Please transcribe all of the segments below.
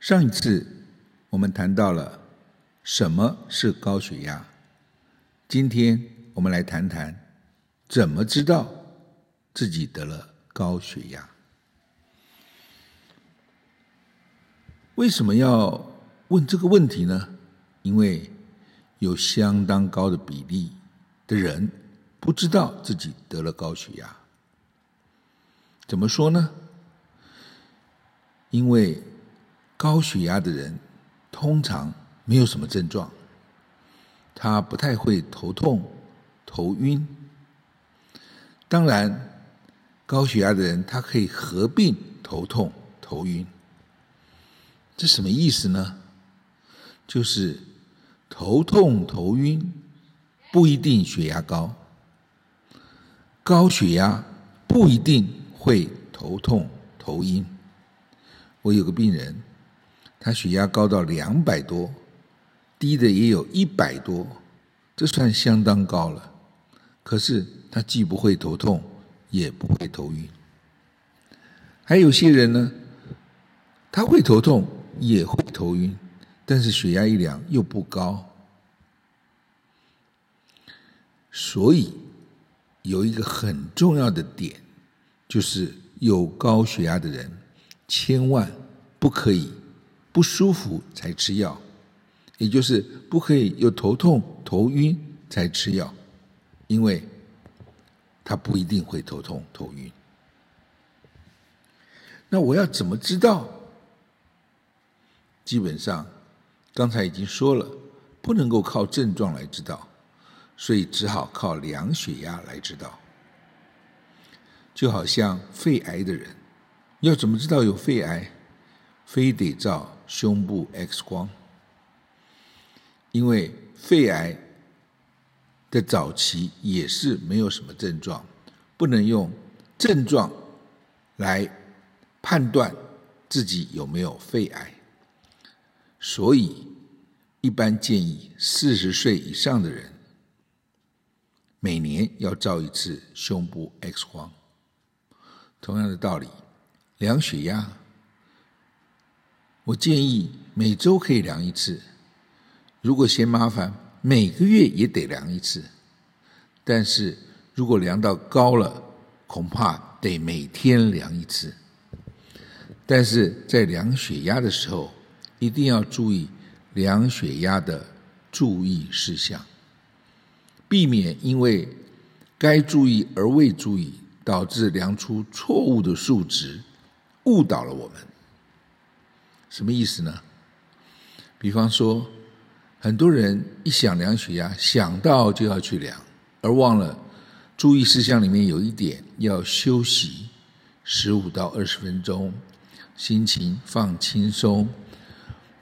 上一次我們談到了什麼是高血壓，今天我們來談談怎麼知道自己得了高血壓。為什麼要問這個問題呢？因為有相當高的比例的人不知道自己得了高血壓。怎麼說呢？因為高血壓的人通常沒有什麼症狀，他不太會頭痛頭暈。當然，高血壓的人他可以合併頭痛頭暈。這什麼意思呢？就是頭痛頭暈不一定血壓高，而高血壓不一定會頭痛頭暈。我有個病人。他血壓高到兩百多，低的也有一百多，這算相當高了，可是他既不會頭痛，也不會頭暈。還有些人呢，他會頭痛，也會頭暈，但是血壓一量又不高。所以有一個很重要的點，就是有高血壓的人，千萬不可以。不舒服才吃藥，也就是不可以有頭痛頭暈才吃藥，因為他不一定會頭痛頭暈。那我要怎麼知道？基本上剛才已經說了，不能夠靠症狀來知道，所以只好靠量血壓來知道。就好像肺癌的人，要怎麼知道有肺癌？非得照胸部 X 光，因為肺癌的早期也是沒有什麼症狀，不能用症狀來判斷自己有沒有肺癌，所以一般建議四十歲以上的人每年要照一次胸部 X 光。同樣的道理，量血壓。我建議每週可以量一次，如果嫌麻煩，每個月也得量一次。但是如果量到高了，恐怕得每天量一次。但是在量血壓的時候，一定要注意量血壓的注意事項，避免因為該注意而未注意，導致量出錯誤的數值，誤導了我們。什麼意思呢？比方說，很多人一想量血壓，想到就要去量，而忘了注意事項裡面有一點：要休息十五到二十分鐘，心情放輕鬆，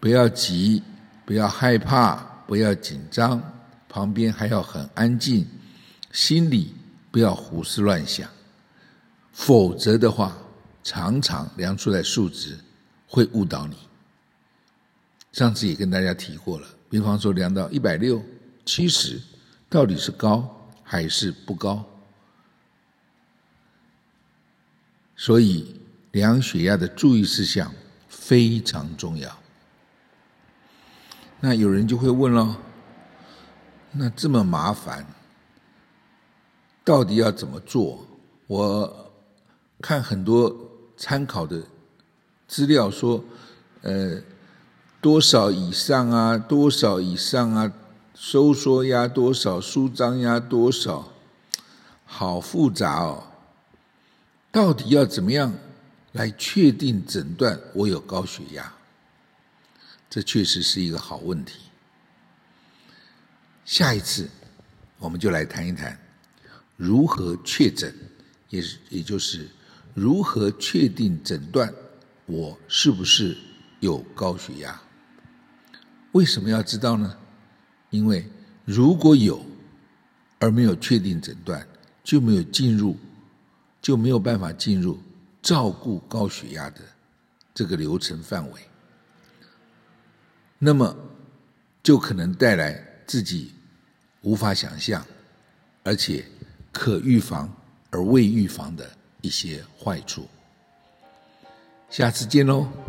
不要急，不要害怕，不要緊張，旁邊還要很安靜，心裡不要胡思亂想，否則的話，常常量出來數值。會誤導你。上次也跟大家提過了，比方說量到一百六七十，到底是高還是不高？所以量血壓的注意事項非常重要。那有人就會問了，那這麼麻煩，到底要怎麼做？我看很多參考的。資料說，呃，多少以上啊？多少以上啊？收縮壓多少？舒張壓多少？好複雜哦！到底要怎麼樣來確定診斷我有高血壓？這確實是一個好問題。下一次我們就來談一談如何確診，也也就是如何確定診斷。我是不是有高血壓？為什麼要知道呢？因為如果有而沒有確定診斷，就沒有進入就沒有辦法進入照顧高血壓的這個流程範圍。那麼就可能帶來自己無法想象，而且可預防而未預防的一些壞處。下次見嘍、哦。